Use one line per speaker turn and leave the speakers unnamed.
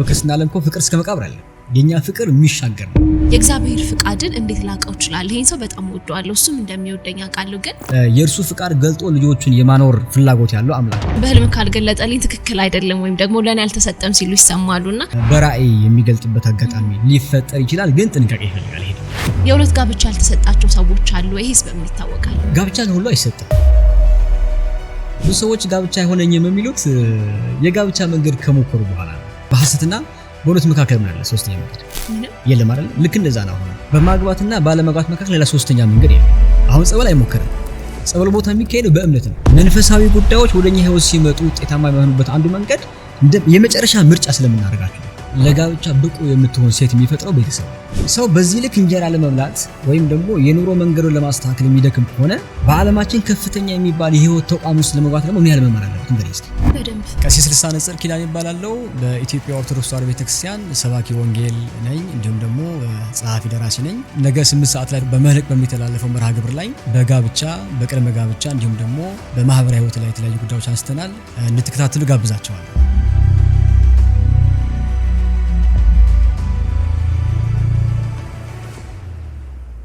በክርስትና ዓለም እኮ ፍቅር እስከ መቃብር አለ። የኛ ፍቅር የሚሻገር ነው።
የእግዚአብሔር ፍቃድን እንዴት ላቀው ይችላል? ይህን ሰው በጣም ወደዋለሁ፣ እሱም እንደሚወደኝ አውቃለሁ። ግን
የእርሱ ፍቃድ ገልጦ ልጆቹን የማኖር ፍላጎት ያለው አምላክ
በህልም ካልገለጠልኝ ትክክል አይደለም ወይም ደግሞ ለእኔ አልተሰጠም ሲሉ ይሰማሉና
በራእይ የሚገልጥበት አጋጣሚ ሊፈጠር ይችላል። ግን ጥንቃቄ ይፈልጋል። ይሄ
የሁለት ጋብቻ ያልተሰጣቸው ሰዎች አሉ። ይህስ በምን ይታወቃል?
ጋብቻ ሁሉ አይሰጥም። ብዙ ሰዎች ጋብቻ አይሆነኝም የሚሉት የጋብቻ መንገድ ከሞከሩ በኋላ ነው። በሐሰትና በእውነት መካከል ምን አለ? ሶስተኛ መንገድ የለም አይደል? ልክ እንደዛ ነው። አሁን በማግባትና ባለመግባት መካከል ሌላ ሶስተኛ መንገድ የለም። አሁን ጸበል አይሞከርም። ጸበል ቦታ የሚካሄደው በእምነት ነው። መንፈሳዊ ጉዳዮች ወደኛ ህይወት ሲመጡ ውጤታማ የሚሆኑበት አንዱ መንገድ የመጨረሻ ምርጫ ስለምናደርጋቸው ለጋብቻ ብቁ የምትሆን ሴት የሚፈጥረው ቤተሰብ። ሰው በዚህ ልክ እንጀራ ለመብላት ወይም ደግሞ የኑሮ መንገዱን ለማስተካከል የሚደክም ከሆነ በዓለማችን ከፍተኛ የሚባል የህይወት ተቋም ውስጥ ለመግባት ደግሞ ምን ያህል መማር አለበት? እንግዲህ እስኪ ቀሲስ ልሳነ ጽድቅ ኪዳን ይባላለው። በኢትዮጵያ ኦርቶዶክስ ተዋሕዶ ቤተክርስቲያን ሰባኪ ወንጌል ነኝ፣ እንዲሁም ደግሞ ጸሐፊ ደራሲ ነኝ። ነገ ስምንት ሰዓት ላይ በመልሕቅ በሚተላለፈው መርሃ ግብር ላይ በጋብቻ በቅድመ ጋብቻ እንዲሁም ደግሞ በማህበራዊ ህይወት ላይ የተለያዩ ጉዳዮች አንስተናል። እንድትከታተሉ ጋብዛቸዋለሁ።